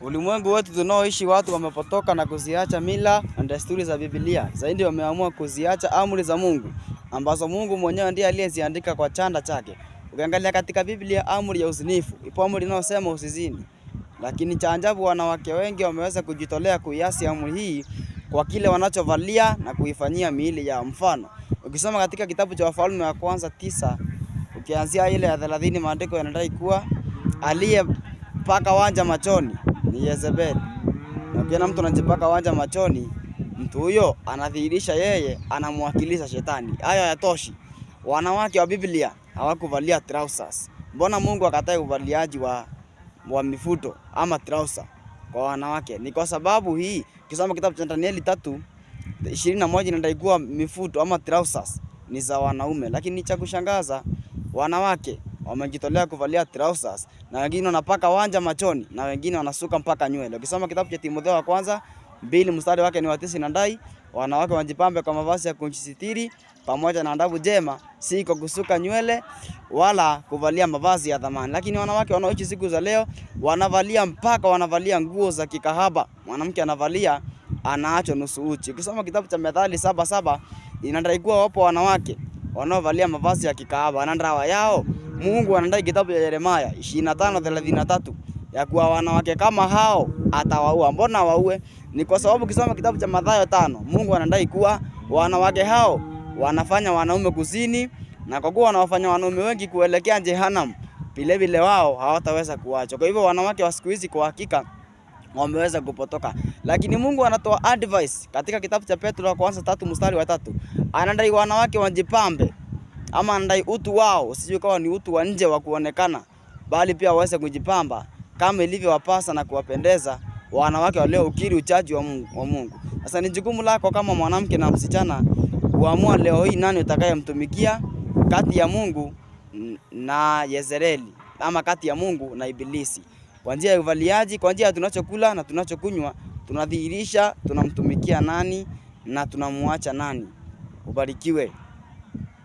Ulimwengu wetu tunaoishi, watu wamepotoka na kuziacha mila na desturi za Biblia. Zaidi wameamua kuziacha amri za Mungu ambazo Mungu mwenyewe ndiye aliyeziandika kwa chanda chake. Ukiangalia katika Biblia, amri ya uzinifu ipo, amri inayosema usizini, lakini cha ajabu, wanawake wengi wameweza kujitolea kuiasi amri hii kwa kile wanachovalia na kuifanyia miili ya mfano. Ukisoma katika kitabu cha Wafalme wa kwanza tisa ukianzia ile ya 30 maandiko yanadai kuwa aliyepaka wanja machoni ni Yezebeli. Na ukiona mtu anajipaka wanja machoni, mtu huyo anadhihirisha yeye anamwakilisha shetani. Hayo hayatoshi, wanawake wa Biblia hawakuvalia trousers. Mbona Mungu akatae uvaliaji wa, wa mifuto ama trouser kwa wanawake? Ni kwa sababu hii, ukisoma kitabu cha Danieli tatu ishirini na moja inadai kuwa mifuto ama trousers ni za wanaume, lakini cha kushangaza wanawake wamejitolea kuvalia trousers na wengine wanapaka wanja machoni na wengine wanasuka mpaka nywele. Ukisoma kitabu cha Timotheo wa kwanza mbili mstari wake ni wa tisa na ndai, wanawake wajipambe kwa mavazi ya kujisitiri pamoja na adabu jema, si kwa kusuka nywele wala kuvalia mavazi ya dhamani. Lakini wanawake wanaoishi siku za leo wanavalia mpaka wanavalia nguo za kikahaba, mwanamke anavalia anaacho nusu uchi. Ukisoma kitabu cha Methali saba saba inadai kuwa wapo wanawake wanaovalia mavazi ya kikahaba na ndawa yao Mungu anaandika kitabu cha Yeremia 25:33 ya kuwa wanawake kama hao atawaua. Mbona waue? Ni kwa sababu kisoma kitabu cha Mathayo tano, Mungu anaandika kuwa wanawake hao wanafanya wanaume kuzini, na kwa kuwa wanawafanya wanaume wengi kuelekea jehanamu, vile wao hawataweza kuachwa. Kwa hivyo wanawake wa siku hizi kwa hakika wameweza kupotoka, lakini Mungu anatoa advice katika kitabu cha Petro wa kwanza tatu mstari wa tatu, anadai wanawake wajipambe ama ndai utu wao sijui kawa ni utu wa nje wa kuonekana, bali pia waweze kujipamba kama ilivyowapasa na kuwapendeza wanawake ukiri uchaji wa Mungu. Sasa ni jukumu lako kama mwanamke na msichana kuamua leo hii nani utakayemtumikia kati ya Mungu na Yezereli ama kati ya Mungu na Ibilisi. Kwa njia ya uvaliaji, kwa njia ya tunachokula na tunachokunywa, tunadhihirisha tunamtumikia nani na tunamwacha nani. Ubarikiwe.